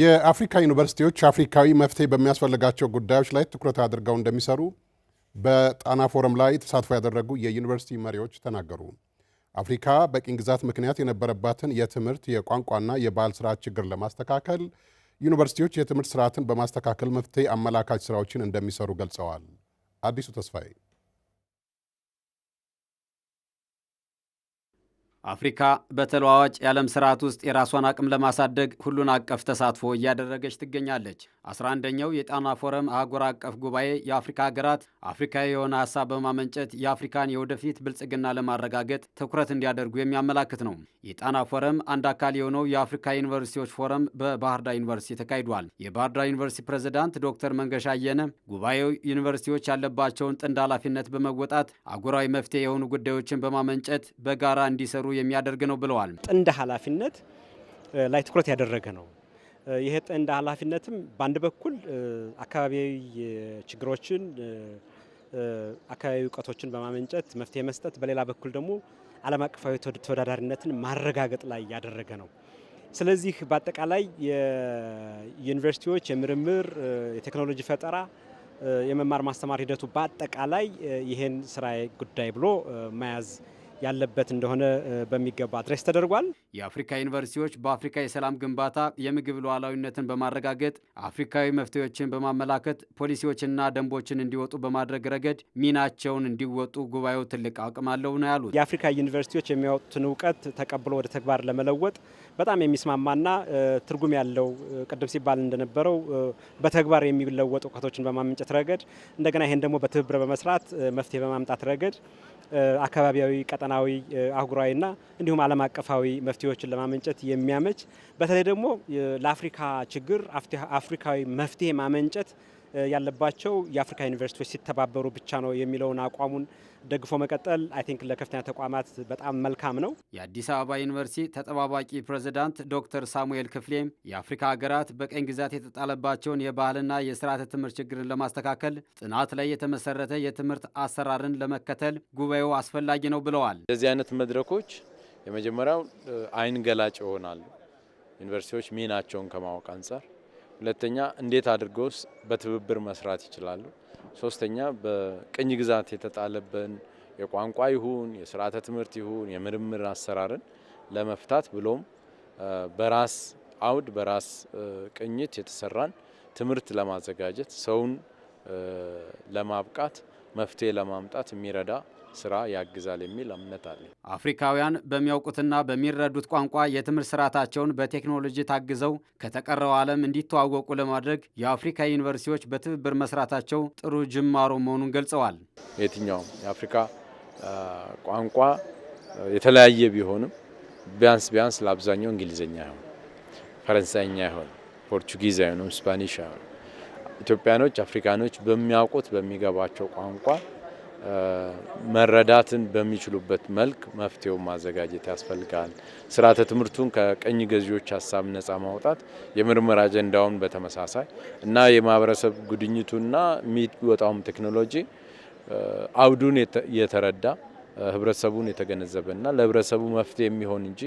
የአፍሪካ ዩኒቨርሲቲዎች አፍሪካዊ መፍትሄ በሚያስፈልጋቸው ጉዳዮች ላይ ትኩረት አድርገው እንደሚሰሩ በጣና ፎረም ላይ ተሳትፎ ያደረጉ የዩኒቨርሲቲ መሪዎች ተናገሩ። አፍሪካ በቅኝ ግዛት ምክንያት የነበረባትን የትምህርት የቋንቋና የባህል ስርዓት ችግር ለማስተካከል ዩኒቨርሲቲዎች የትምህርት ስርዓትን በማስተካከል መፍትሄ አመላካች ስራዎችን እንደሚሰሩ ገልጸዋል። አዲሱ ተስፋዬ አፍሪካ በተለዋዋጭ የዓለም ስርዓት ውስጥ የራሷን አቅም ለማሳደግ ሁሉን አቀፍ ተሳትፎ እያደረገች ትገኛለች። 11ኛው የጣና ፎረም አህጉር አቀፍ ጉባኤ የአፍሪካ ሀገራት አፍሪካዊ የሆነ ሀሳብ በማመንጨት የአፍሪካን የወደፊት ብልጽግና ለማረጋገጥ ትኩረት እንዲያደርጉ የሚያመላክት ነው። የጣና ፎረም አንድ አካል የሆነው የአፍሪካ ዩኒቨርሲቲዎች ፎረም በባህር ዳር ዩኒቨርሲቲ ተካሂዷል። የባህር ዳር ዩኒቨርሲቲ ፕሬዝዳንት ዶክተር መንገሻ አየነ ጉባኤው ዩኒቨርሲቲዎች ያለባቸውን ጥንድ ኃላፊነት በመወጣት አህጉራዊ መፍትሄ የሆኑ ጉዳዮችን በማመንጨት በጋራ እንዲሰሩ የሚያደርግ ነው ብለዋል። ጥንድ ኃላፊነት ላይ ትኩረት ያደረገ ነው። ይሄ ጥንድ ኃላፊነትም በአንድ በኩል አካባቢያዊ ችግሮችን አካባቢ እውቀቶችን በማመንጨት መፍትሄ መስጠት፣ በሌላ በኩል ደግሞ ዓለም አቀፋዊ ተወዳዳሪነትን ማረጋገጥ ላይ ያደረገ ነው። ስለዚህ በአጠቃላይ የዩኒቨርሲቲዎች የምርምር የቴክኖሎጂ ፈጠራ የመማር ማስተማር ሂደቱ በአጠቃላይ ይህን ስራ ጉዳይ ብሎ መያዝ ያለበት እንደሆነ በሚገባ አድሬስ ተደርጓል። የአፍሪካ ዩኒቨርሲቲዎች በአፍሪካ የሰላም ግንባታ የምግብ ሉዓላዊነትን በማረጋገጥ አፍሪካዊ መፍትሄዎችን በማመላከት ፖሊሲዎችና ደንቦችን እንዲወጡ በማድረግ ረገድ ሚናቸውን እንዲወጡ ጉባኤው ትልቅ አቅም አለው ነው ያሉት። የአፍሪካ ዩኒቨርሲቲዎች የሚያወጡትን እውቀት ተቀብሎ ወደ ተግባር ለመለወጥ በጣም የሚስማማና ትርጉም ያለው ቅድም ሲባል እንደነበረው በተግባር የሚለወጡ እውቀቶችን በማመንጨት ረገድ እንደገና ይህን ደግሞ በትብብር በመስራት መፍትሄ በማምጣት ረገድ አካባቢያዊ ቀጠና ቀጠናዊ አህጉራዊና እንዲሁም ዓለም አቀፋዊ መፍትሄዎችን ለማመንጨት የሚያመች በተለይ ደግሞ ለአፍሪካ ችግር አፍሪካዊ መፍትሄ ማመንጨት ያለባቸው የአፍሪካ ዩኒቨርሲቲዎች ሲተባበሩ ብቻ ነው የሚለውን አቋሙን ደግፎ መቀጠል አይ ቲንክ ለከፍተኛ ተቋማት በጣም መልካም ነው። የአዲስ አበባ ዩኒቨርሲቲ ተጠባባቂ ፕሬዚዳንት ዶክተር ሳሙኤል ክፍሌም የአፍሪካ ሀገራት በቀኝ ግዛት የተጣለባቸውን የባህልና የስርዓተ ትምህርት ችግርን ለማስተካከል ጥናት ላይ የተመሰረተ የትምህርት አሰራርን ለመከተል ጉባኤው አስፈላጊ ነው ብለዋል። እንደዚህ አይነት መድረኮች የመጀመሪያው አይን ገላጭ ይሆናሉ። ዩኒቨርሲቲዎች ሚናቸውን ከማወቅ አንጻር ሁለተኛ እንዴት አድርገውስ በትብብር መስራት ይችላሉ። ሶስተኛ በቅኝ ግዛት የተጣለብን የቋንቋ ይሁን የስርዓተ ትምህርት ይሁን የምርምር አሰራርን ለመፍታት ብሎም በራስ አውድ በራስ ቅኝት የተሰራን ትምህርት ለማዘጋጀት ሰውን ለማብቃት መፍትሄ ለማምጣት የሚረዳ ስራ ያግዛል የሚል እምነት አለ። አፍሪካውያን በሚያውቁትና በሚረዱት ቋንቋ የትምህርት ስርዓታቸውን በቴክኖሎጂ ታግዘው ከተቀረው ዓለም እንዲተዋወቁ ለማድረግ የአፍሪካ ዩኒቨርሲቲዎች በትብብር መስራታቸው ጥሩ ጅማሮ መሆኑን ገልጸዋል። የትኛውም የአፍሪካ ቋንቋ የተለያየ ቢሆንም ቢያንስ ቢያንስ ለአብዛኛው እንግሊዝኛ ይሆን፣ ፈረንሳይኛ ይሆን፣ ፖርቹጊዝ አይሆንም፣ ስፓኒሽ አይሆን ኢትዮጵያኖች አፍሪካኖች በሚያውቁት በሚገባቸው ቋንቋ መረዳትን በሚችሉበት መልክ መፍትሄው ማዘጋጀት ያስፈልጋል። ስርዓተ ትምህርቱን ከቀኝ ገዢዎች ሀሳብ ነጻ ማውጣት፣ የምርምር አጀንዳውን በተመሳሳይ እና የማህበረሰብ ጉድኝቱና የሚወጣውም ቴክኖሎጂ አውዱን የተረዳ ህብረተሰቡን የተገነዘበና ለህብረተሰቡ መፍትሄ የሚሆን እንጂ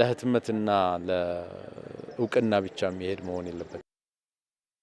ለህትመትና ለእውቅና ብቻ የሚሄድ መሆን የለበት።